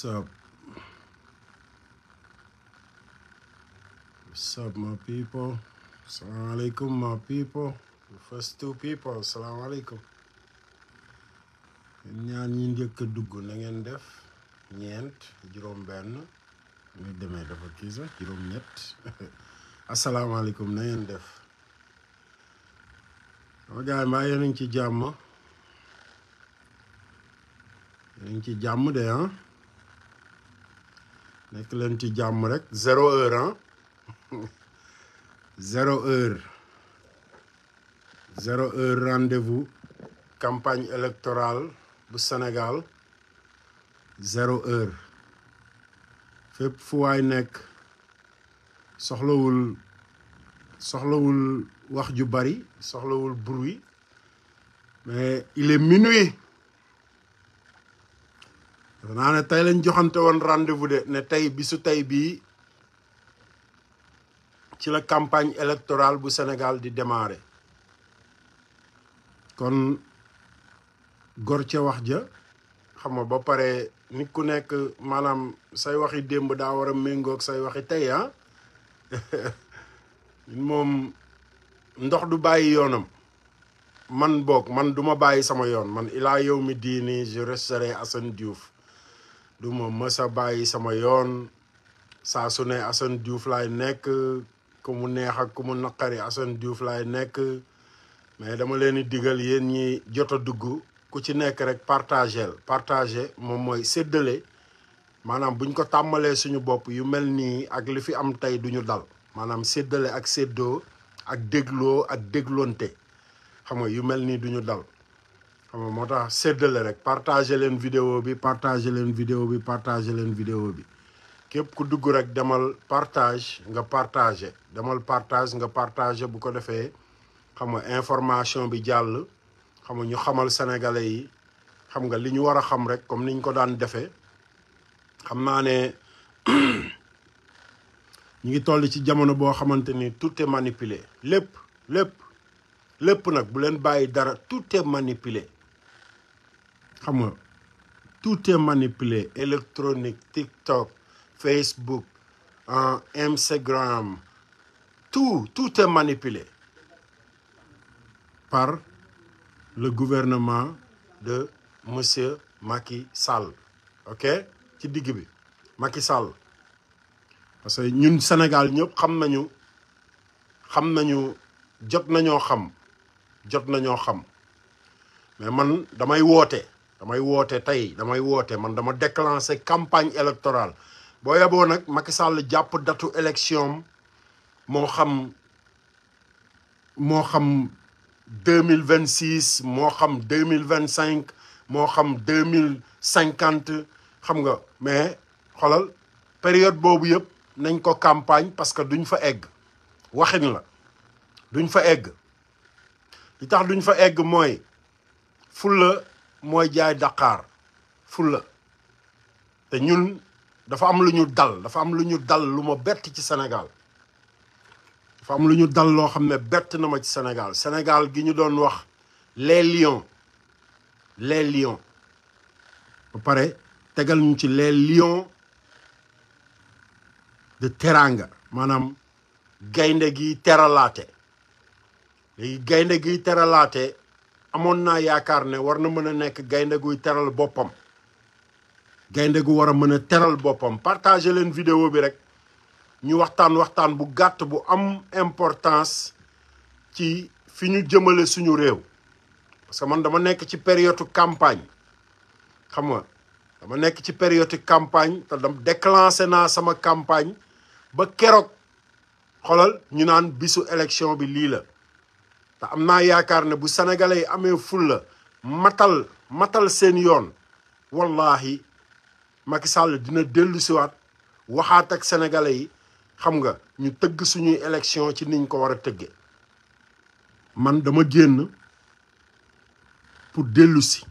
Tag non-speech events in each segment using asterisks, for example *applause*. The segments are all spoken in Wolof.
What's up? What's up, my people? first two people, assalamu alaikum. ñaan ñi njëkk a dugg na def ñeent juróom-benn muy demee dafa juróom-ñett asalaamaaleykum *laughs* na ngeen def sama gars yi ngi ci jàmm yéen ngi ci jàmm de ah. nekk leen ci jàmm rek zéro heure ah *laughs* zéro heure zéro heure rendez campagne électorale bu Sénégal zéro heure fépp fu waay nekk soxlawul soxlawul wax ju bari soxlawul bruit mais il naa ne tey lañ joxante woon rendez-vous de ne tey bi su tey bii ci la campagne électorale bu Sénégal di démarrer kon gor ca wax ja xam nga ba pare nit ku nekk maanaam say waxi démb daa war a méngoog say waxi tey ah *laughs* moom ndox du bàyyi yoonam man boog man duma bàyyi sama yoon man ilaa yow mi diini je resterai Assane du ma mës bàyyi sama yoon saa su ne Assane Diouf lay nekk ku mu neex ak ku naqari Assane Diouf lay nekk mais dama leen di digal yéen ñi jot a dugg ku ci nekk rek partagel partagé moom mooy séddale maanaam buñ ko tàmmalee suñu bopp yu mel nii ak li fi am tey duñu dal maanaam séddale ak séddoo ak dégloo ak dégloonte xam nga yu mel nii duñu dal xam nga moo tax séddale rek partagé leen vidéo bi partagé leen vidéo bi partagé leen vidéo bi képp ku dugg rek demal partage nga partage demal partage nga partagé bu ko defee xam nga information bi jàll xam nga ñu xamal sénégalais yi xam nga li ñu war a xam rek comme ni ñu ko daan defee xam naa ne *clears throat* ñu ngi toll ci jamono boo xamante ni tout est manipulé lépp lépp lépp nag bu leen bàyyi dara tout est manipulé xam nga tout est manipulé électronique TikTok Facebook Instagram tout tout est manipulé par le gouvernement de monsieur Macky Sall ok ci digg bi Macky Sall parce que ñun senegal ñëpp xam nañu xam nañu jot nañoo xam jot nañoo xam mais man damay woote. damay woote tey damay woote man dama déclencher campagne électorale boo yeboo nag Macky Sall jàpp datu élection moo xam moo xam deux mille vingt six moo xam deux mille vingt cinq moo xam deux mille cinquante xam nga mais xoolal période boobu yëpp nañ ko campagne parce que duñ fa egg waxin la duñ fa egg li tax duñ fa egg mooy fulla mooy jaay Dakar fulla te ñun dafa am lu ñu dal dafa am lu ñu dal lu ma bett ci senegal dafa am lu ñu dal loo xam ne bett na ma ci senegal Sénégal gi ñu doon wax les lions les lions ba pare tegal ñu ci les lions de teranga maanaam gaynde gi teralaate gaynde gi teralaate amoon naa yaakaar ne war na mën a nekk gaynde guy teral boppam gaynde gu war a mën a teral boppam partager leen vidéo bi rek ñu waxtaan waxtaan bu gàtt bu am importance ci fi ñu jëmale suñu réew parce que man dama nekk ci période campagne xam nga dama nekk ci période campagne te dam déclenché naa sama campagne ba keroog xolal ñu naan bisu élection bi lii la te am naa yaakaar ne bu sénégalais yi amee fulla matal matal seen yoon wallahi Macky Sall dina dellu siwaat waxaat ak sénégalais yi xam nga ñu tëgg suñuy élection ci niñ ko war a tëggee man dama génn pour dellusi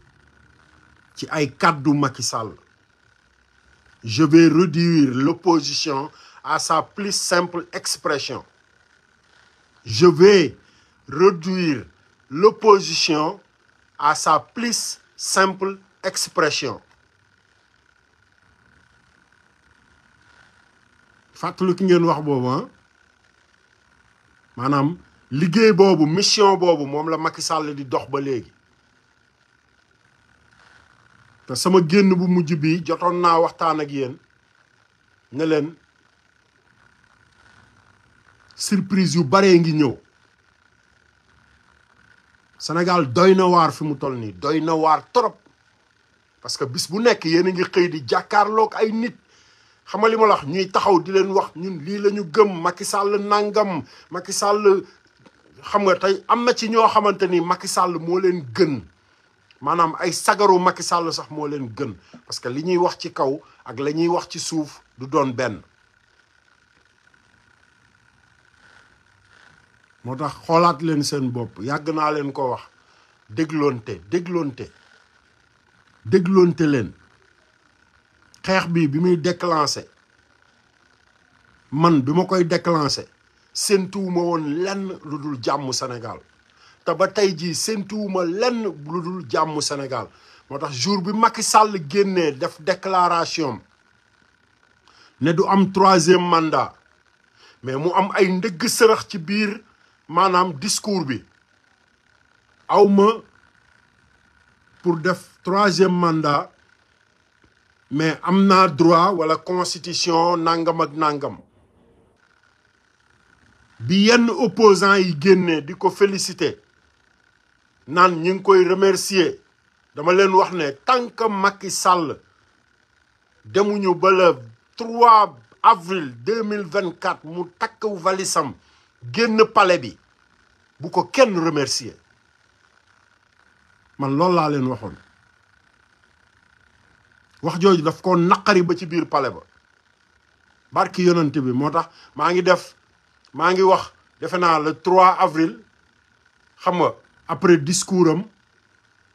ci ay kàddu Macky Sall je vais réduire l'opposition à sa plus simple expression je vais réduire l'opposition à sa plus simple expression fàttali ki ngeen wax boobu ah. maanaam liggéey boobu mission boobu moom la Macky Sall di dox ba léegi te sama génn bu mujj bi jotoon naa waxtaan ak yéen ne leen surprise yu baree ngi ñëw Sénégal doy na waar fi mu toll nii doy na waar trop parce que bis bu nekk yéen a ngi xëy di jàkkaarlook ay nit xam nga li ma la ñuy taxaw di leen wax ñun lii lañu gëm Macky Sall nangam Macky Sall xam nga tey am na ci ñoo xamante ni Macky Sall moo leen gën maanaam ay sagaru Macky Sall sax moo leen gën parce que li ñuy wax ci kaw ak la ñuy wax ci suuf du doon benn. moo tax xoolaat leen seen bopp yàgg naa leen ko wax dégloonte dégloonte dégloonte leen xeex bi bi muy déclenché man bi ma koy déclenché séentuwuma woon lenn lu dul jàmm Sénégal te ba tey jii séentuwuma lenn lu dul jàmm Sénégal moo tax jour bi Macky sàll génnee def déclaration ne du am troisième mandat mais mu am ay ndëgg sërëx ci biir maanaam discours bi awma pour def troisième mandat mais am naa droit wala constitution nangam ak nangam bi yenn opposant yi génnee di ko félicité naan ñi ngi koy remercier dama leen wax ne tant que Macky Sall demuñu ba le 3 avril 2024 mu takk valisam génn pale bi bu ko kenn remercier man loolu laa leen waxoon wax jooju daf ko naqari ba ci biir pale ba barki yonante bi moo tax maa ngi def maa ngi wax defe naa le 3 avril xam nga après discours am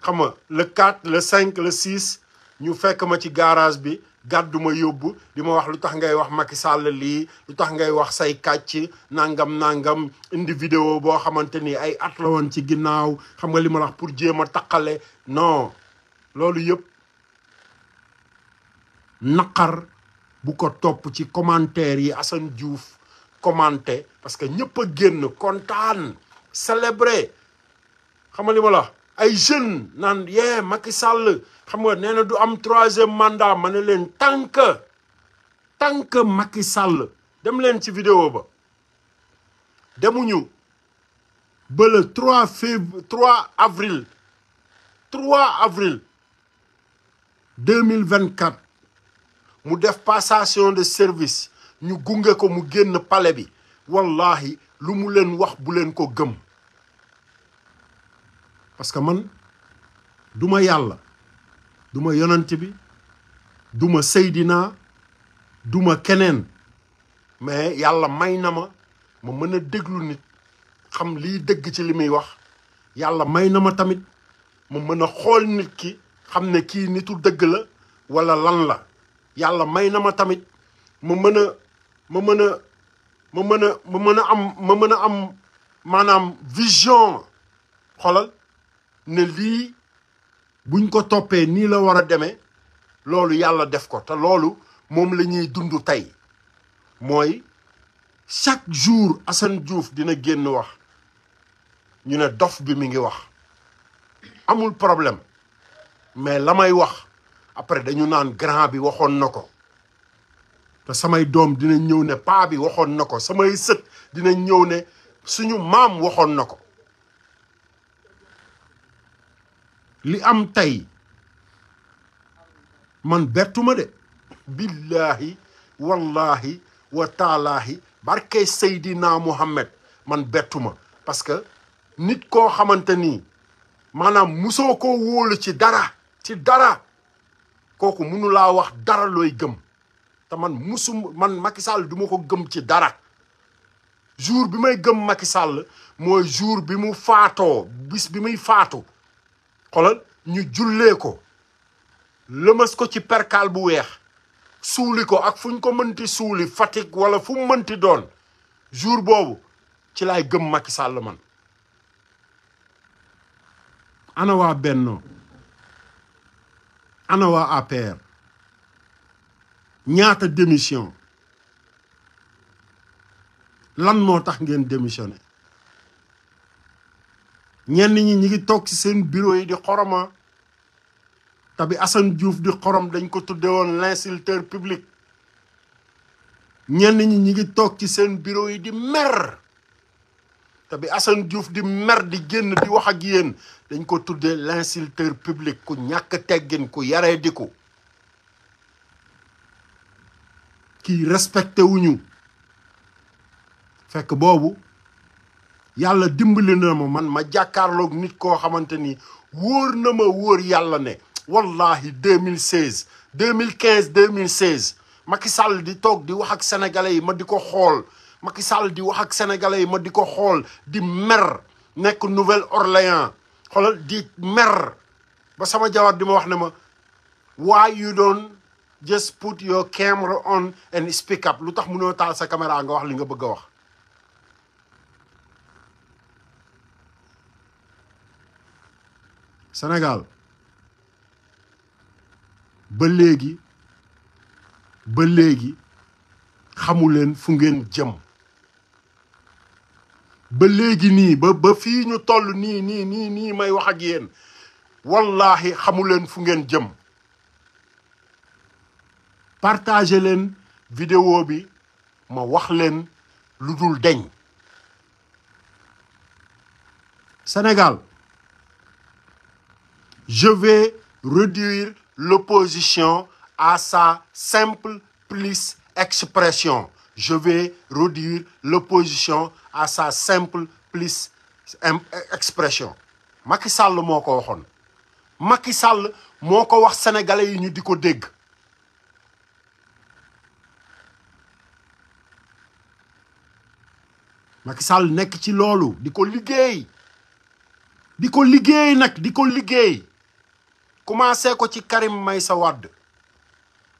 xam nga le 4 le 5 le 6 ñu fekk ma ci garage bi gàdduma ma yóbbu di ma wax lu tax ngay wax Macky sàll lii lu tax ngay wax say kàcc nangam nangam indi boo xamante ni ay at la ci ginnaaw xam nga li ma wax pour jéem a taqale non loolu yëpp naqar bu ko topp ci commentaire yi Assane Diouf commenté parce que ñëpp a génn kontaan célébré xam nga li ay jeunes naan yee Macky Sall xam nga nee na du am troisième mandat ma ne leen tant que tant Sall dem leen ci vidéo ba demuñu ba le 3 fév 3 avril 3 avril 2024 mu def passation de service ñu gunge ko mu génn palais bi wallahi lu mu leen wax bu leen ko gëm parce que man duma yàlla du ma yonent bi duma ma seydinaa du keneen mais yàlla may na ma ma mën a déglu nit xam lii dëgg ci li muy wax yàlla may na ma tamit ma mën a xool nit ki xam ne kii nitu dëgg la walla lan la yàlla may na ma tamit ma mën a ma mën a ma mën a ma mën a am ma mën a am maanaam vision xolal ne lii buñ ko toppee nii la war a demee loolu yàlla def ko te loolu moom la ñuy dund tey mooy chaque jour Assane Diouf dina génn wax ñu ne dof bi mi ngi wax amul problème mais la may wax après dañu naan grand bi waxoon na ko te samay doom dina ñëw ne paa bi waxoon na ko samay sët dina ñëw ne suñu maam waxoon na ko li am tey man bertuma de billaahi wallaahi wa taalaahi barke Seydina Muhammad man bettu ma parce que nit koo xamante ni maanaam musoo koo wóolu ci dara ci dara kooku munu laa wax dara looy gëm te man musu man Macky duma ko gëm ci dara jour bi may gëm Macky Sall mooy jour bi mu faatoo bis bi muy faatu xolal ñu jullee ko lëmas ko ci perkaal bu weex suuli ko ak fu ñu ko mënti suuli Fatick wala fu mu mënti doon jour boobu ci lay gëm Macky Sall man ana waa Benno ana waa APR ñaata démission lan moo tax ngeen démissionné ñenn ñi ñi ngi toog ci seen bureau yi di xoroma te bi Assane di xorom dañ ko tudde woon l'insulteur public ñenn ñi ñi ngi toog ci seen bureau yi di mer te bi Assane di mer di génn di wax ak yéen dañ ko tuddee l'insulteur public ku ñàkk teggin ku yaree di ko kii respecté wuñu fekk boobu yàlla dimbali na ma man ma jàkkaarloog nit koo xamante ni wóor na ma wóor yàlla ne wallahi 2016 2015 2016 Macky Sall di toog di wax ak sénégalais yi ma di ko xool Macky Sall di wax ak sénégalais yi ma di ko xool di mer nekk Nouvelle-Orléans xoolal di mer ba sama jawaat di ma wax ne ma why you don't just put your camera on and speak up lu tax mënoo taal sa caméra nga wax li nga bëgg a wax Sénégal ba léegi ba léegi xamuleen fu ngeen jëm ba léegi nii ba fii ñu toll nii nii nii nii may wax ak yéen wallaahi xamuleen fu ngeen jëm partage leen vidéo bi ma wax leen lu dul deñ Sénégal je vais réduire l'opposition à sa simple plus expression je vais réduire l'opposition à sa simple plus expression Macky Sall moo ko waxoon Macky Sall moo ko wax sénégalais yi ñu di ko dégg Macky Sall nekk ci loolu di ko liggéey di ko liggéey nag di ko liggéey commencé ko ci Karim Meïssa Wade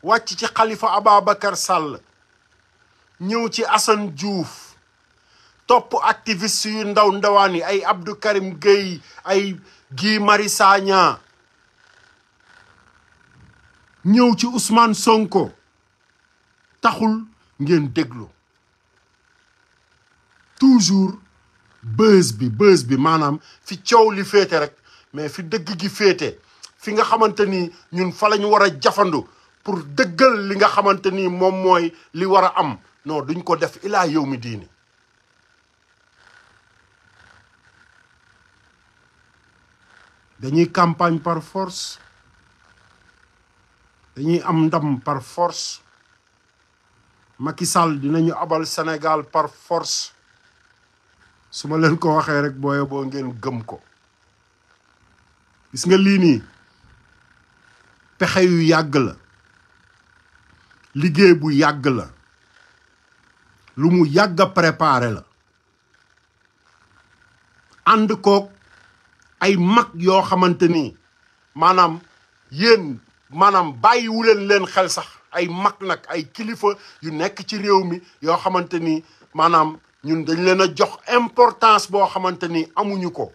wàcc ci xalifa Ababacar Sall ñëw ci Assane Diouf topp activiste yu ndaw ndawaan yi ay Abdou Karim Gueye ay Guy Marius Sagna ñëw ci usmaan Sonko taxul ngeen déglu toujours bës bi bës bi maanaam fi coow li féete rek mais fi dëgg gi féete fi nga xamante ni ñun fa la ñu war a jafandu pour dëggal li nga xamante ni moom mooy li war a am non duñ ko def ilaa yow mi diini dañuy campagne par force dañuy am ndam par force Macky Sall dinañu abal Sénégal par force su ma leen ko waxee rek booye boo ngeen gëm ko gis nga liinii pexe yu yàgg la liggéey bu yàgg la lu mu yàgg a préparé la ànd koog ay mag yoo xamante ni maanaam yéen maanaam bàyyiwuleen leen xel sax ay mag nag ay kilifa yu nekk ci réew mi yoo xamante ni maanaam ñun dañ leen a jox importance boo xamante ni amuñu ko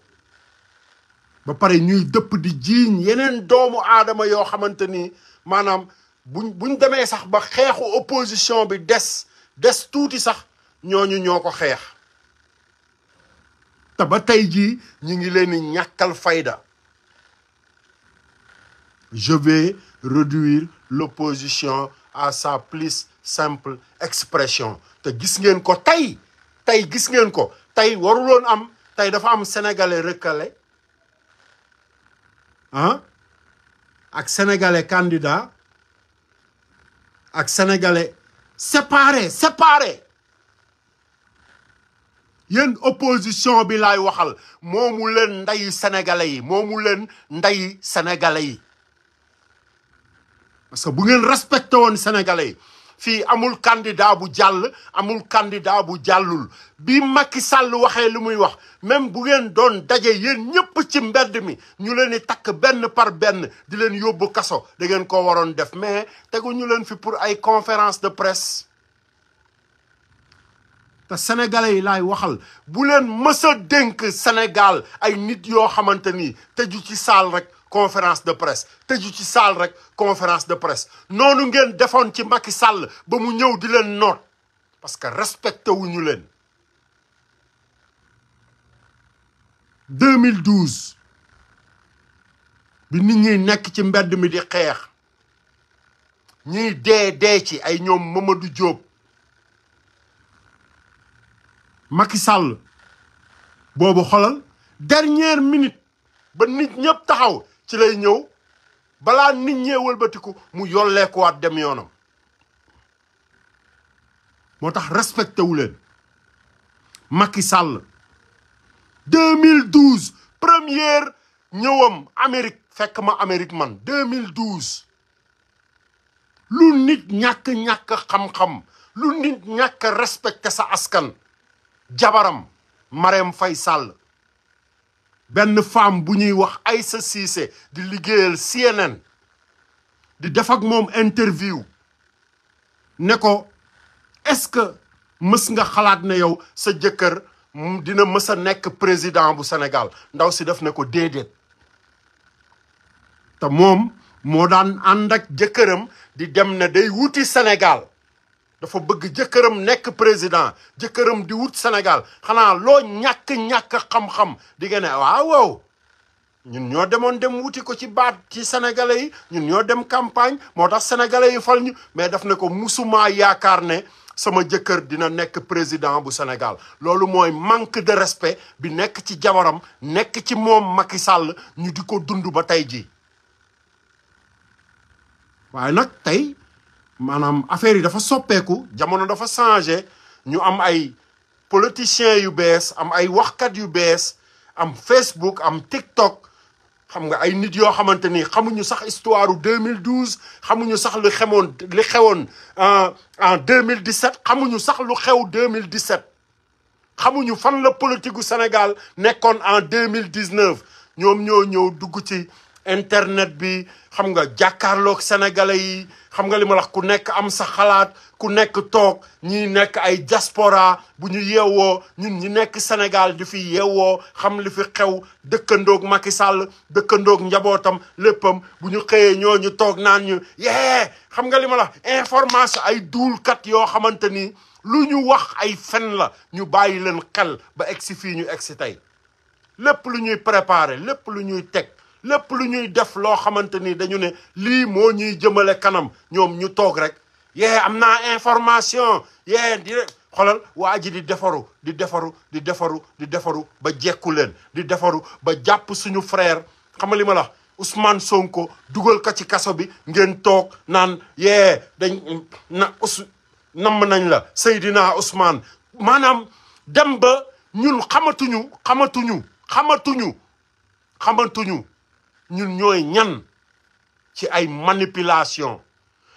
ba pare ñuy dëpp di jiiñ yeneen doomu aadama yoo xamante ni maanaam buñ buñ demee sax ba xeexu opposition bi des des tuuti sax ñooñu ñoo ko xeex te ba tey jii ñu ngi leen di ñàkkal fayda je vais réduire l'opposition à sa plus simple expression te gis ngeen ko tey tey gis ngeen ko tey waruloon am tey dafa am sénégalais recalé ah ak sénégalais candidat ak sénégalais séparé séparé yéen opposition bi laay waxal moomu leen ndeyu sénégalais yi moomu leen ndeyu sénégalais que bu ngeen respecté woon sénégalais yi fii amul candidat bu jàll amul candidat bu jàllul bi Macky Sall waxee li muy wax même bu ngeen doon daje yéen ñëpp ci mbedd mi ñu leen di takk benn par benn di leen yóbbu kaso da ngeen ko waroon def mais tegu ñu leen fi pour ay conférence de presse te sénégalais yi laay waxal bu leen mës a dénk Sénégal ay nit yoo xamante ni tëju ci saal rek conférence de presse tëju ci salle rek conférence de presse noonu ngeen defoon ci Macky sàll ba mu ñëw di leen noot parce que respecté wuñu leen 2012 bi nit ñi nekk ci mbedd mi di xeex ñiy dee dee ci ay ñoom du Diop Macky sàll boobu xolal dernière minute ba nit ñëpp taxaw ci lay ñëw balaa nit ñee wëlbatiku mu yolleekuwaat dem yoonam moo tax respecté wu sàll Macky Sall 2012 première ñëwam Amérique fekk ma Amérique man 2012 lu nit ñàkk ñàkk xam-xam lu nit ñàkk respecté sa askan jabaram Marème fay Sall benn femme bu ñuy wax Aïssa Cissé di liggéeyal CNN di def ak moom interview ne ko est-ce que mës nga xalaat ne yow sa jëkkër dina mës a nekk président bu Sénégal ndaw si def ne ko déedéet te moom moo daan ànd ak jëkkëram di dem ne day wuti Sénégal dafa bëgg jëkkëram nekk président jëkkëram di wut Sénégal xanaa loo ñàkk-ñàkk xam-xam di nga ne waaw waaw ñun ñoo demoon dem wuti ko ci baat ci sénégalais yi ñun ñoo dem campagne moo tax sénégalais yi fal ñu mais def na ko musuma yaakaar ne sama jëkkër dina nekk président bu Sénégal loolu mooy manque de respect bi nekk ci jabaram nekk ci moom Macky Sall ñu di ko dund ba tey ji waaye nag tey maanaam affaire yi dafa soppeeku jamono dafa changé ñu am ay politiciens yu bees am ay waxkat yu bees am Facebook am TikTok xam nga ay nit yoo xamante ni xamuñu sax histoire u 2012 xamuñu sax lu li xewoon euh, en en 2017 xamuñu sax lu xew 2017. xamuñu fan la politique Sénégal nekkoon en 2019 ñoom ñoo ñëw dugg ci internet bi xam nga jàkkaarloog sénégalais yi. xam nga li ma wax ku nekk am sa xalaat ku nekk toog ñi nekk ay diaspora bu ñu yeewoo ñu ñi nekk Sénégal di fi yeewoo xam li fi xew dëkkandoog Macky Sall dëkkandoog njabootam léppam bu ñu xëyee ñoo ñu toog naan ñu yee xam nga li ma la information ay duulkat yoo xamante ni lu ñu wax ay fen la ñu bàyyi leen xel ba egsi fii ñu egsi tey lépp lu ñuy préparer lépp lu ñuy teg lépp lu ñuy def loo xamante ni dañu ne lii moo ñuy jëmale kanam ñoom ñu toog rek yee am naa information yee di xolal waa ji di defaru di defaru di defaru di defaru ba jekku leen di defaru ba jàpp suñu frère xam nga li ma la Ousmane Sonko dugal ko ci kaso bi ngeen toog naan yee dañ na us namm nañ la Seydina Ousmane maanaam dem ba ñun xamatuñu xamatuñu xamatuñu xamatuñu ñun ñooy ñan ci ay manipulation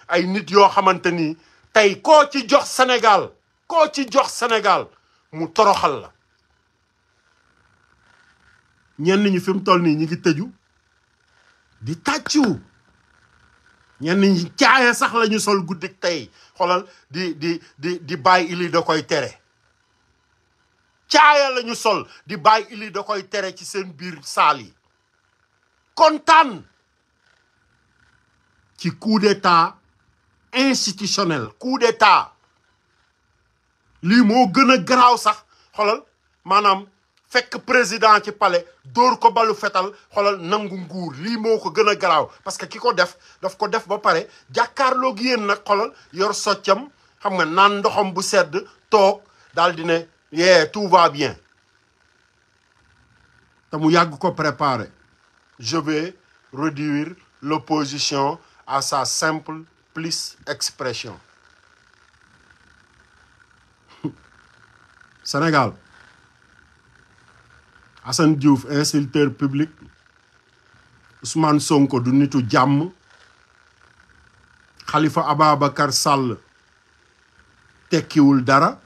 ay nit yoo xamante ni tey koo ci jox Sénégal koo ci jox Sénégal mu toroxal la ñenn ñi fi toll nii ñi ngi tëju di tàccu ñenn ñi caaya sax lañu sol guddik tey xoolal di di di di bàyyi ili da koy tere caaya la sol di bàyyi ili da koy tere ci seen biir saal yi kontaan ci coup d'état institutionnel coup d'état lii moo gën a garaaw sax xolal maanaam fekk président ci pale dóor ko balu fetal xolal nangu nguur lii moo ko gën a garaaw parce que ki ko def daf ko def ba pare jàkkaarloog yéen nag xolal yor soccam xam nga naan ndoxam bu sedd toog daal di ne yee tout va bien te mu yàgg ko préparer je vais réduire l'opposition à sa simple plus expression *laughs* Sénégal Assane Diouf insulteur public Ousmane Sonko du nitu jàmm Khalifa Ababacar Sall tekkiwul dara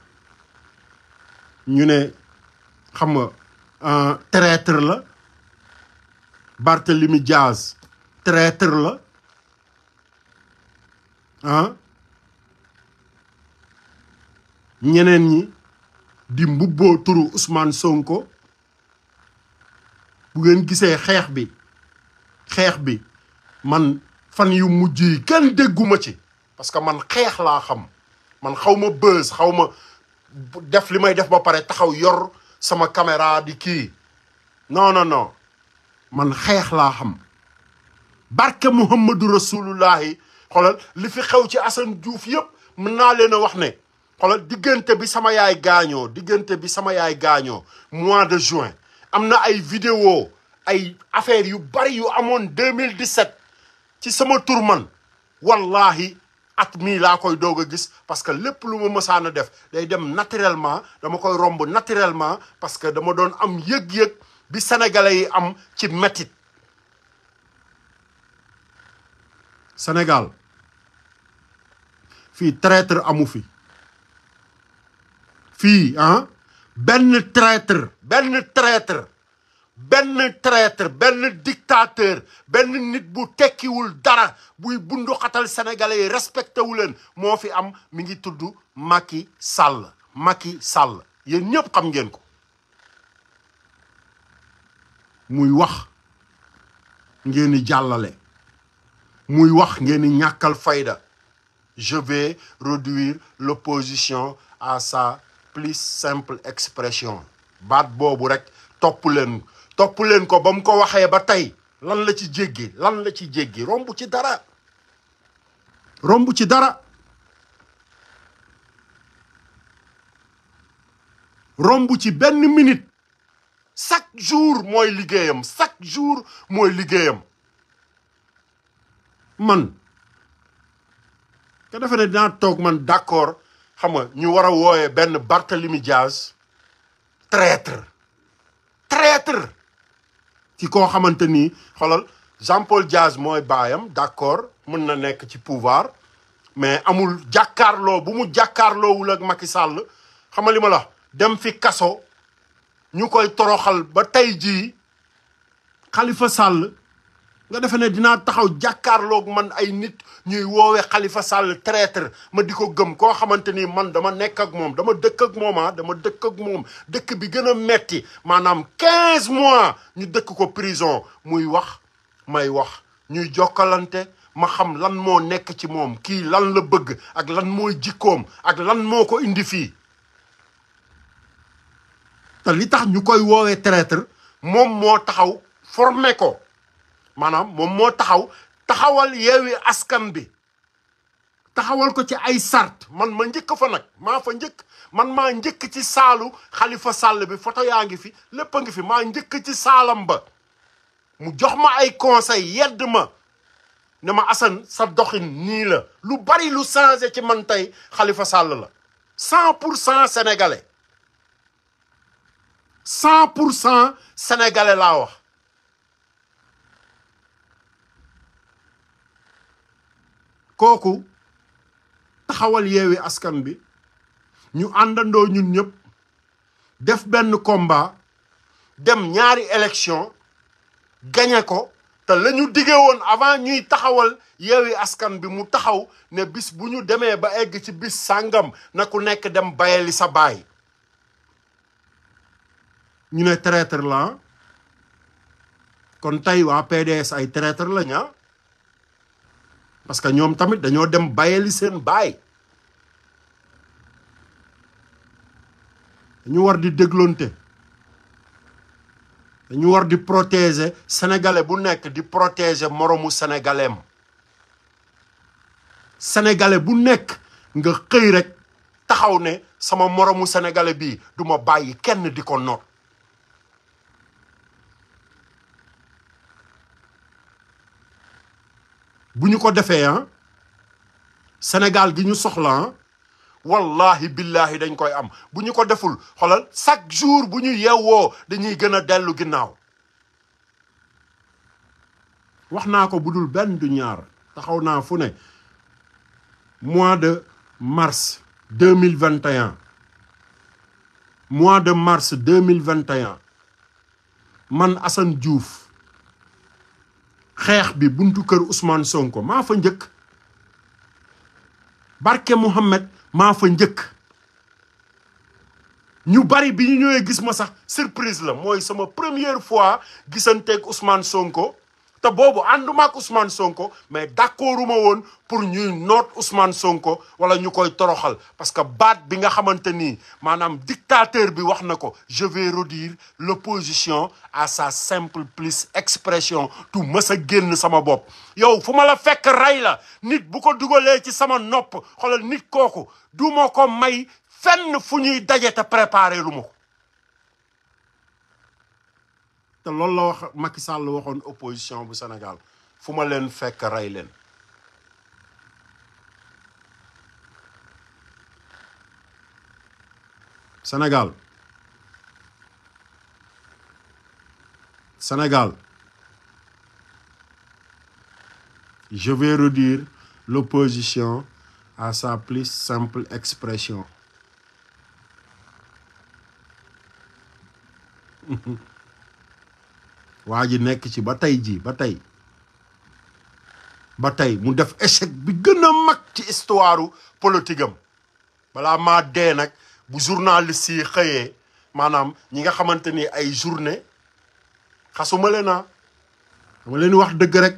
ñu ne xam nga un traître la Barthélemy Diaz traître la ah ñeneen ñi di mbubboo turu Ousmane Sonko bu ngeen gisee xeex bi xeex bi man fan yu mujj yi kenn dégguma ci parce que man xeex laa xam man xaw ma bës xaw ma def li may def ba pare taxaw yor sama caméra di kii non non non man xeex laa xam barke muhammadu rasulullahi xoolal li fi xew ci Assane Diouf yëpp mën naa leen a wax ne xoolal diggante bi sama yaay gaañoo diggante bi sama yaay gaañoo mois de juin am na ay vidéo ay affaire yu bari yu amoon 2017 ci sama tur man wallahi at mi laa koy doog a gis parce que lépp lu ma mësaan def day dem naturellement dama koy romb naturellement parce que dama doon am yëg-yëg bi sénégalais yi am ci métit sénégal fii traître amu fi fii ah benn traître benn traître benn traître benn dictateur benn nit bu tekkiwul dara buy bundu xatal sénégalais yi respecté wu leen moo fi am mi ngi tudd Macky Sall Macky Sall yéen ñëpp xam ngeen ko muy wax ngeen di jàllale muy wax ngeeni ñàkkal fayda je vais réduire l'opposition à sa plus simple expression baat boobu rekk topp leen topp leen ko ba mu ko waxee ba tey lan la ci jéggi lan la ci jéggi romb ci dara romb ci dara romb ci benn minute chaque jour mooy liggéeyam chaque jour mooy liggéeyam man nga defe ne toog man d'accord xam nga ñu war a wooyee benn Barthélemy Diaz traître traître ci koo xamante ni xoolal Jean Paul Diaz mooy baayam d'accord mën na nekk ci pouvoir mais amul jàkkaarloo bu mu jàkkaarloowul ak Macky Sall xamali ma la dem fi kaso ñu koy toroxal ba tey jii xalifa Sall nga defe ne dinaa taxaw jàkkaarloog man ay nit ñuy woowe xalifa Sall traître ma di ko gëm koo xamante ni man dama nekk ak moom dama dëkk ak moom ah, dama dëkk ak dëkk bi gën a metti maanaam 15 mois ñu dëkk ko prison muy wax may wax ñuy jokkalante ma xam lan moo nekk ci moom kii lan la bëgg ak lan mooy jikkoom ak lan moo ko indi fii. te li tax ñu koy woowee traître moom moo taxaw formé ko maanaam moom moo taxaw taxawal yeewi askan bi taxawal ko ci ay sart man ma njëkk fa nag maa fa njëkk man maa njëkk ci saalu xalifa sall bi photo yaa ngi fi lépp a ngi fi maa njëkk ci saalam ba mu jox ma ay conseil yedd ma ne ma Assane sa doxin la lu bari lu changé ci man tey xalifa sall la cent pour cent sénégalais cent pour cent sénégalais la wax kooku taxawal yeewi askan bi ñu àndandoo ñun ñëpp def benn combat dem ñaari élection gañe ko te lañu ñu woon avant ñuy taxawal yeewi askan bi mu taxaw ne bis bu ñu demee ba egg ci bis sàngam na ku nekk dem bayali sa baay ñu ne traître la kon tey waa PDS ay traître la ña ah. parce que ñoom tamit dañoo dem bayeli seen baay ñu war di dégloonte dañu war di protéger sénégalais bu nekk di protéger moromu sénégalais am bu nekk nga xëy rek taxaw ne sama moromu sénégalais bii du ma bàyyi kenn di ko noot bu ñu ko defee ah Sénégal gi ñu soxla ah wallahi billahi dañ koy am bu ñu ko deful xoolal chaque jour bu ñu yeewoo dañuy gën a dellu ginnaaw wax naa ko bu dul benn du ñaar taxaw naa fu ne mois de mars deux mille vingt et mois de mars deux mille vingt et man Assane Diouf xeex bi buntu kër usmaan Sonko maa fa njëkk barke Mouhamed maa fa njëkk ñu bari bi ñu ñëwee gis ma sax surprise la mooy sama première fois gisanteeg Ousmane Sonko te boobu ànduma ak Ousmane Sonko mais d'accorduma woon pour ñu noot Ousmane Sonko wala ñu koy toroxal parce que baat bi nga xamante ni maanaam dictateur bi wax na ko je vais redire l'opposition à sa simple plus expression tu mës a génn sama bopp. yow fu ma la fekk rayla nit bu ko dugalee ci sama nopp xoolal nit kooku du ma ko may fenn fu ñuy daje te préparé lu ko te loolu la wax Macky waxoon opposition bu Sénégal fu ma leen fekk rey leen senegal senegal je vais réduire l'opposition à sa plus simple expression *laughs* waa ji nekk ci ba tey ji ba tey ba tey mu def échec bi gën a mag ci histoire politique am balaa maa dee nag bu journaliste si xëyee maanaam ñi nga xamante ni ay journée xasuma leen naa ah. dama wax dëgg rek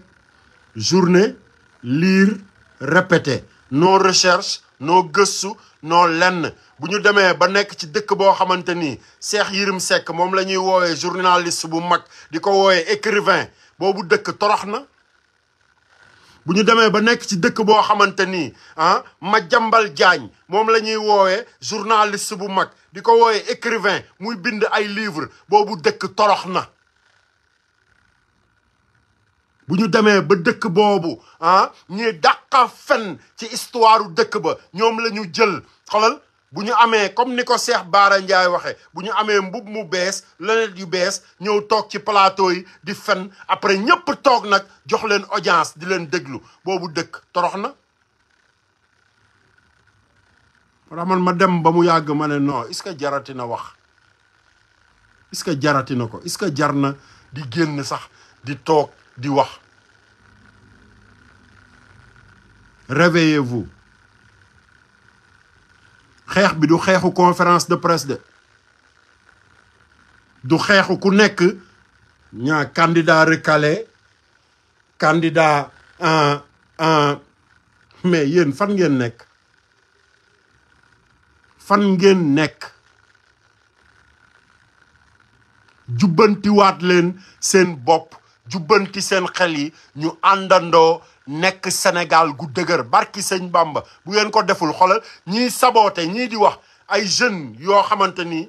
journée lire répéter non recherche noo gëstu noo lenn bu ñu demee ba nekk ci dëkk boo xamante ni Cheikh Yérim Seck moom la ñuy woowee journaliste bu mag di ko woowee écrivain boobu dëkk torox na bu ñu demee ba nekk ci dëkk boo xamante ni ah Madiambal Diagne moom la ñuy woowee journaliste bu mag di ko woowee écrivain muy bind ay livre boobu dëkk torox na bu ñu demee ba dëkk boobu ah ñuy dàqa fen ci histoire dëkk ba ñoom la ñu jël xolal bu ñu amee comme ni ko Cheikh Baara Ndiaye waxee bu ñu amee mbub mu bees leneen yu bees ñëw toog ci plateau yi di fen après ñëpp toog nag jox leen audience di leen déglu boobu dëkk torox na. man ma dem ba mu yàgg ma ne noo est-ce jarati na wax est-ce que na ko est-ce que jar na di génn sax di toog. di wax réveillez-vous xeex bi du xeexu conférence de presse de du xeexu ku nekk ñaa candidat recalé candidat en en mais yéen fan ngeen nekk fan ngeen nekk jubbantiwaat leen seen bopp jubbanti seen xel yi ñu àndandoo nekk senegal gu dëgër barki sëñ Bamba bu ngeen ko deful xoolal ñi saboote ñii di wax ay jeunes yoo xamante ni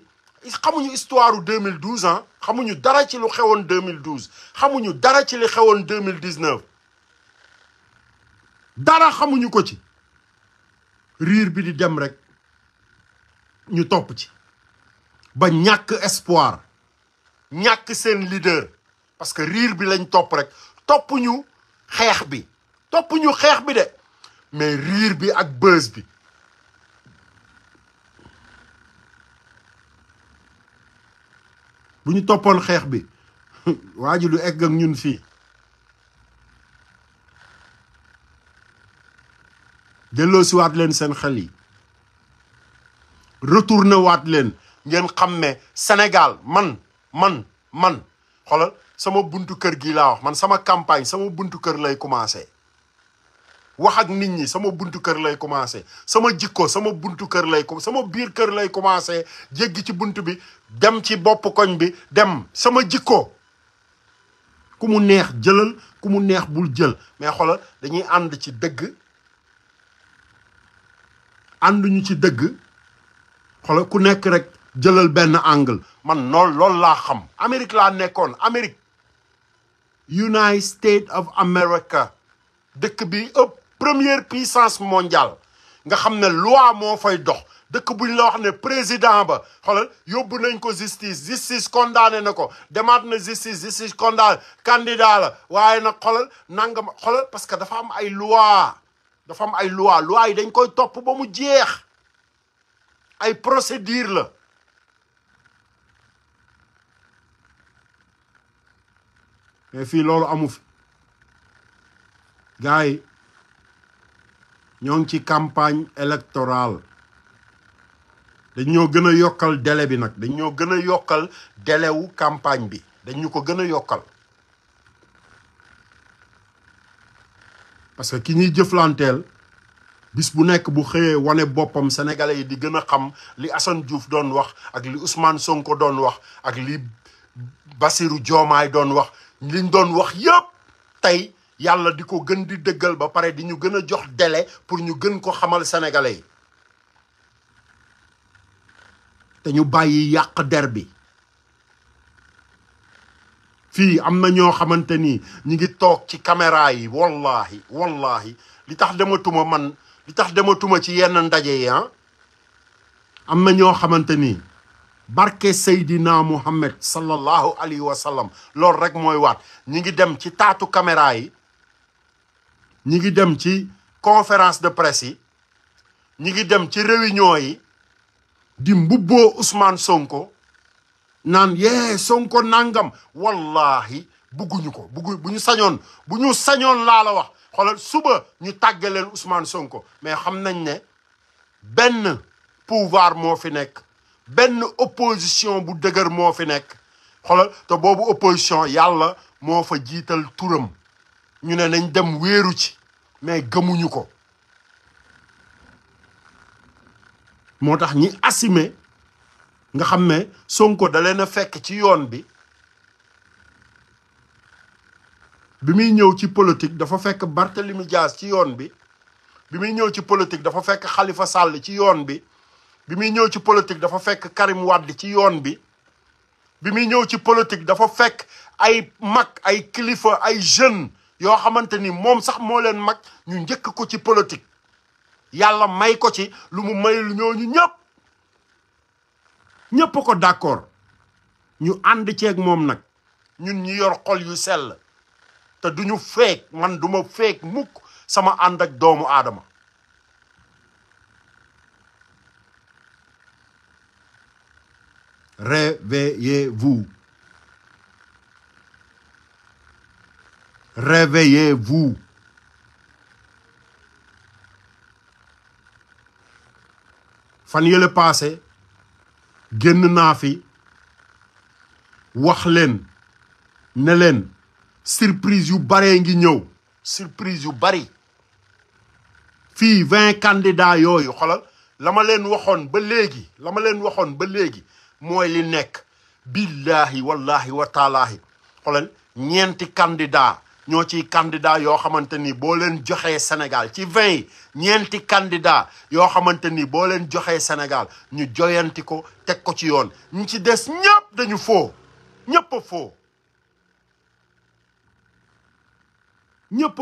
xamuñu histoire u 2012 ah xamuñu dara ci lu xewoon 2012 xamuñu dara ci li xewoon 2019 dara xamuñu ko ci riir bi di dem rek ñu topp ci ba ñàkk espoir ñàkk seen leader parce que riir bi lañ topp rek topp ñu xeex bi topp ñu xeex bi de mais riir bi ak bës bi bu ñu toppoon xeex bi *laughs* waa ji egg ak ñun fii delloo si waat leen seen xel yi retourné waat leen ngeen xam ne Sénégal man man man xoolal sama buntu kër gi laa wax man sama campagne sama buntu kër lay commencé wax ak nit ñi sama buntu kër lay commencé sama jikko sama buntu kër lay sama biir kër lay commencé jéggi ci buntu bi dem ci bopp koñ bi dem sama jikko ku mu neex jëlal ku mu neex bul jël mais xoolal dañuy ànd ci dëgg ànduñu ci dëgg xoolal ku nekk rek jëlal benn angle man nool loolu laa xam Amérique laa nekkoon Amérique United States of America dëkk bi ëpp première puissance mondial nga xam ne loi moo foy dox dëkk buñ la wax ne président ba xoolal yóbbu nañ ko justice justice condamné na ko demaat na justice justice condamné candidat la waaye nag xoolal nangam xoolal parce que dafa am ay loi dafa am ay loi loi dañ koy topp ba mu jeex ay procédure la mais fii loolu amu fi gars yi ñoo ngi ci campagne électorale dañ ñoo gën a yokkal dele bi nag dañ ñoo gën a yokkal délai wu campagne bi dañ ñu ko gën a yokkal parce que ki ñuy jëflanteel bis bu nekk bu xëyee wane boppam sénégalais yi di gën a xam li Assane Diouf doon wax ak li Ousmane Sonko doon wax ak li basiru joomaay doon wax liñ doon wax yépp tey yàlla di ko gën di dëggal ba pare di ñu gën a jox dele pour ñu gën ko xamal sénégalais yi te ñu bàyyi yàq der bi fii am na ñoo xamante ni ñu ngi toog ci caméra yi wallahi wallahi li tax dematuma man li tax dematuma ci yenn ndaje yi ah? am na ñoo xamante ni barke Seydina Muhammad sallallahu alayhi wa sallam loolu rek mooy waat ñi ngi dem ci taatu caméra yi ñi ngi dem ci conférence de presse yi ñi ngi dem ci réunion yi di mbubbo Ousmane Sonko naan yee Sonko nangam wallahi bugguñu ko buggu bu ñu sañoon bu ñu sañoon laala la wax xoolal suba ñu tàggaleen Ousmane Sonko mais xam nañ ne benn pouvoir moo fi nekk benn opposition bu dëgër moo fi nekk xoolal te boobu opposition yàlla moo fa jiital turam ñu ne nañ dem wéeru ci mais gëmuñu ko moo tax ñi assumé nga xam ne Sonko dalee na fekk ci yoon bi bi muy ñëw ci politique dafa fekk Barthélemy Dias ci yoon bi bi muy ñëw ci politique dafa fekk xalifa sàll ci yoon bi bi muy ñëw ci politique dafa fekk Karim Wade ci yoon bi bi muy ñëw ci politique dafa fekk ay mag ay kilifa ay jeunes yoo xamante ni moom sax moo leen mag ñu njëkk ko ci politique yàlla may ko ci lu mu may lu mayul ñu ñëpp ñëpp ko d'accord ñu ànd ceeg moom nag ñun ñu yor xol yu sell te duñu feek man duma feek mukk sama ànd ak doomu aadama Réveillez-vous. Réveillez-vous. fan yële paase génn naa fi wax leen ne leen surprise yu baree ngi ñëw surprise yu bari fii vingt candidats yooyu xoolal la ma leen waxoon ba léegi la ma leen waxoon ba léegi mooy li nekk billahi wallahi wa taalaahi ñeenti candidat ñoo ciy candidat yoo xamante ni boo leen joxee Sénégal ci vingt yi ñeenti kandidaa yoo xamante ni boo leen joxee Sénégal ñu joyanti ko teg ko ci yoon ñu ci des ñëpp dañu foo ñëpp a foo ñëpp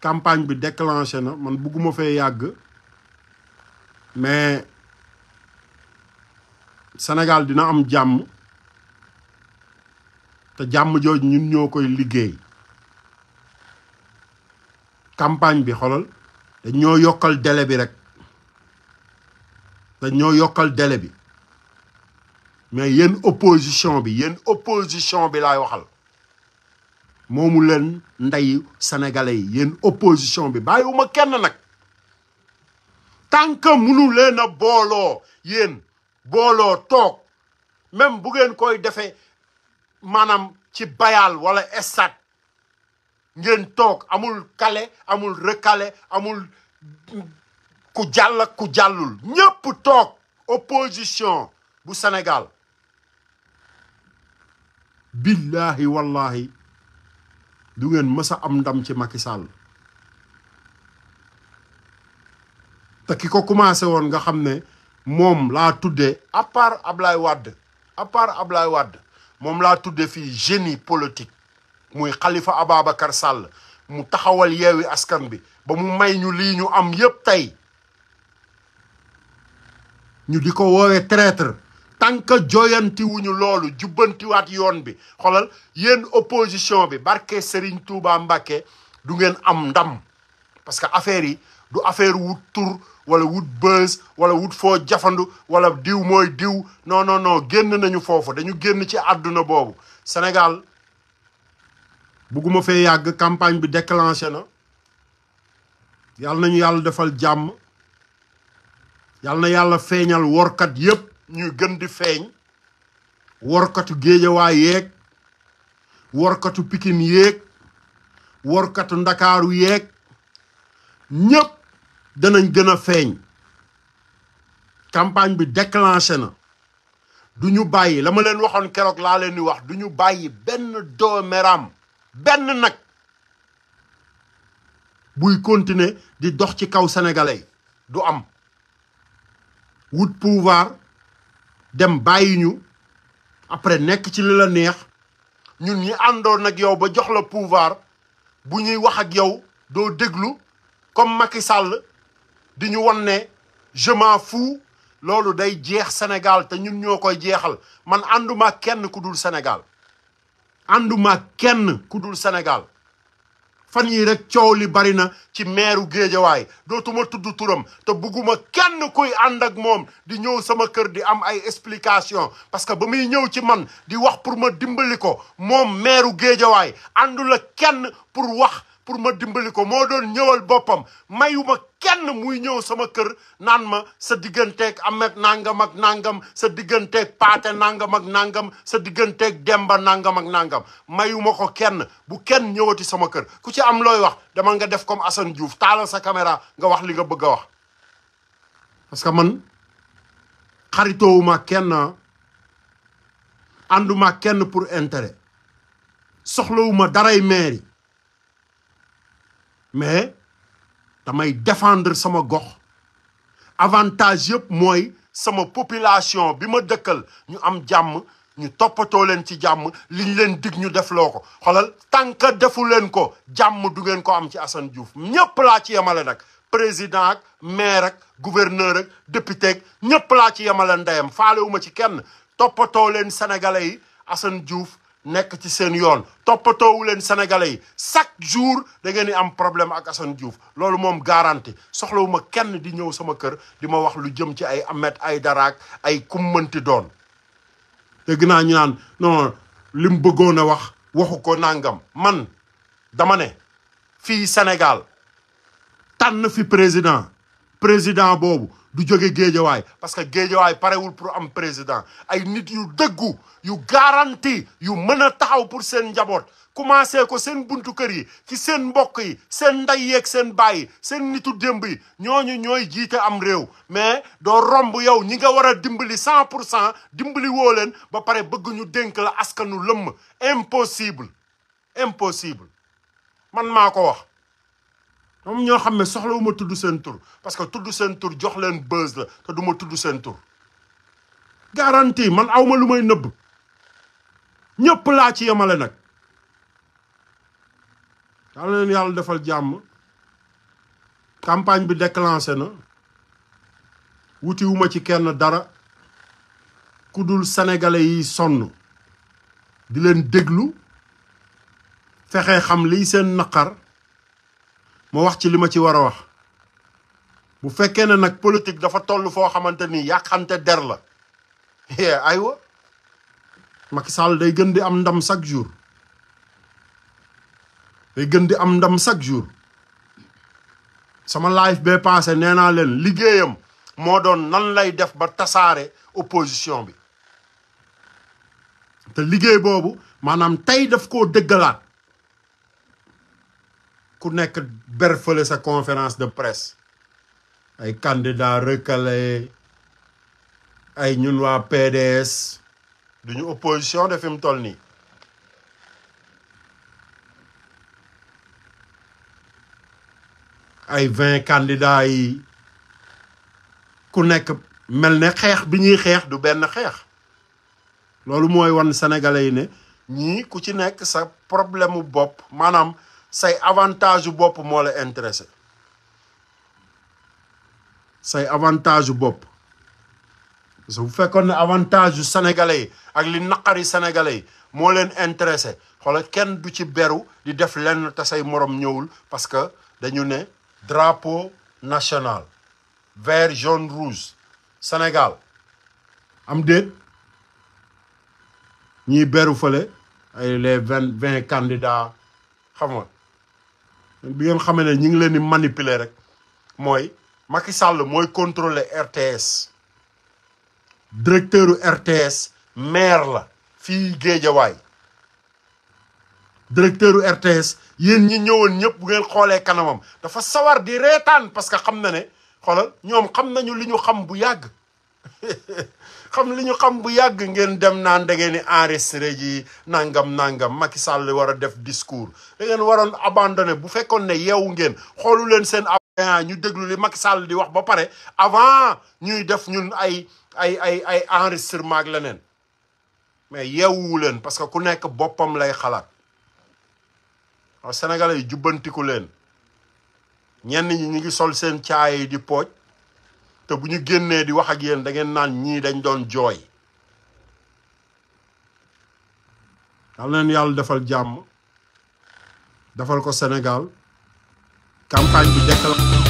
campagne bi déclenché na man bugguma fee yàgg mais Sénégal dina am jàmm te jàmm jooju ñun ñoo koy liggéey campagne bi xolal dañ ñoo yokkal délai bi rek dañ ñoo yokkal délai bi mais yéen opposition bi yéen opposition bi laay waxal moomu leen ndeyu sénégalais yi yéen opposition bi bàyyiwuma kenn nag tant que munu leen a booloo yéen booloo toog même bu ngeen koy defee maanaam ci bayal wala estat ngeen toog amul kale amul recalé amul ku jàll ak ku jàllul ñëpp toog opposition bu Sénégal billahi wallahi du ngeen mës a am ndam ci Macky Sall te ki ko commencé woon nga xam ne moom laa tuddee à part Ablaye Wade à part Ablaye Wade moom laa tuddee fii génie politique muy xalifa Ababacar Sall mu taxawal yeewi askan bi ba mu may ñu lii ñu am yépp tey ñu di ko woowee traître tant que joyanti loolu jubbantiwaat yoon bi xoolal yenn opposition bi barke Serigne Touba Mbacké du ngeen am ndam parce que affaire yi du affaire wut tur wala wut bës wala wut foo jafandu wala diw mooy diw non non non génn nañu foofu dañu génn ci àdduna boobu Sénégal bugguma fee yàgg campagne bi déclenché na yàlla nañu yàlla defal jàmm yàlla na yàlla feeñal workat yépp ñuy gën di feeñ workatu géejawaay yeeg workatu pikin yeeg workatu ndakaaru yeeg ñépp danañ gën a feeñ campagne bi déclenché na duñu bàyyi lama leen waxoon keroog laa leen di wax duñu bàyyi benn doomeram benn nag buy continuer di dox ci kaw sénégalais du am wut pouvoir dem bàyyi ñu après nekk ci li la neex ñun ñi àndoon ak yow ba jox la pouvoir bu ñuy wax ak yow doo déglu comme Macky Sall di ñu won ne je m'en loolu day jeex Sénégal te ñun ñoo koy jeexal man ànduma kenn ku dul Sénégal ànduma kenn ku dul Sénégal fan yii rek coow li bari na ci meeru Géejawaay dootuma tudd turam te bugguma kenn kuy ànd ak moom di ñëw sama kër di am ay explication parce que ba muy ñëw ci man di wax pour ma dimbali ko moom meeru Géejawaay àndul ak kenn pour wax pour ma dimbali ko moo doon ñëwal boppam mayuma kenn muy ñëw sama kër naan ma sa digganteeg Ahmed nangam ak nangam sa digganteeg Paate nangam ak nangam sa digganteeg Demba nangam ak nangam mayuma ko kenn bu kenn ñëwati sama kër ku ci am looy wax dama nga def comme assan Diouf taalal sa caméra nga wax li nga bëgg a wax parce que man xaritoowuma kenn ah. ànduma kenn pour intérêt soxlawuma daray mairie mais damay défendre sama gox avantage yëpp mooy sama population bi ma dëkkal ñu am jàmm ñu toppatoo leen ci jàmm liñ leen dig ñu def loo ko xoolal tànka defu leen ko jàmm du ngeen ko am ci Assane Diouf ñëpp laa ci yemale nag président ak maire ak gouverneur ak député ak ñëpp laa ci yemale ndeyam faale ma ci kenn toppatoo leen sénégalais yi Assane Diouf nekk ci seen yoon toppatoowu leen sénégalais yi chaque jour da ngeen di am problème ak Assane Diouf loolu moom garanti soxlawuma kenn di ñëw sama kër di ma wax lu jëm ci ay Ahmed ay daraak ay kummanti doon dégg naa ñu naan non li a wax waxu ko nangam man dama ne fii Sénégal tànn fi président président boobu du jóge géejawaay parce que géejawaay parewul pour am président ay nit yu dëggu yu garanti yu mën a taxaw pour seen njaboot commencé ko seen buntu kër yi ci seen mbokk yi seen ndey yeeg seen baay seen nitu démb yi ñooñu ñooy jiite am réew mais doo romb yow ñi nga war a dimbali cent pour cent dimbali leen ba pare bëgg ñu dénk la askanu lëmm impossible impossible man maa ko wax moom ñoo xam ne soxlawu ma tudd seen tur parce que tudd seen tur jox leen buzz la te du ma tudd seen tur garantie man awma lu may nëbb ñëpp laa ci yemale nag yal na leen yàlla defal jàmm campagne bi déclenché na wutiwuma ci kenn dara ku dul sénégalais yi sonn di leen déglu fexe xam li seen naqar ma wax ci li ma ci war a wax bu fekkee ne nag politique dafa toll foo xamante ni yàqante der la eh, aywa Macky Sall day gën di am ndam chaque jour day gën di am ndam chaque jour sama live bee passé nee naa leen liggéeyam moo doon nan lay def ba tasaare opposition bi te liggéey boobu maanaam tey daf koo dëggalaat ku nekk berfale sa conférence de presse ay candidat recalé ay ñun waa PDS duñu opposition de fi toll nii ay vingt candidats yi ku nekk mel ni xeex bi ñuy xeex du benn xeex loolu mooy wan sénégalais yi ne ñii ku ci nekk sa problème mu bopp maanaam say avantage yu bopp moo la intéressé say avantage yu bopp parce bu fekkoon ne avantage yu sénégalais yi ak li naqari sénégalais yi moo leen intéressé xoola kenn du ci beru di def lenn te moroom ñëwul parce que dañu ne drapeau national vert jaune rouge Sénégal am déet ñiy beru fale ay les vingt vingt candidats xam nga bi ngeen xamee ne ñu ngi leen di manipuler rek mooy Macky Sall mooy contrôler RTS directeur RTS maire la fii Géejawaay directeur RTS yéen ñi ñëwoon ñëpp bu ngeen xoolee kanamam dafa sawar di reetaan parce que xam na ne xoolal ñoom xam nañu li ñu xam bu yàgg *laughs* xam li ñu xam bu yàgg ngeen dem naan da ngeen di enregistré ji nangam nangam Macky Sall war a def discours da ngeen waroon abandonné bu fekkoon ne yeewu ngeen xoolu leen seen avant ñu déglu li Macky Sall di wax ba pare avant ñuy def ñun ay ay ay ay enregistrement ak leneen mais yeewu leen parce que ku nekk boppam lay xalaat waaw yi jubbantiku leen ñenn ñi ñu ngi sol seen caay yi di pooj te bu ñu génnee di wax ak yéen dangeen naan ñii dañ doon jooy yal na leen yàlla defal jàmm defal ko Sénégal campagne bi déclenché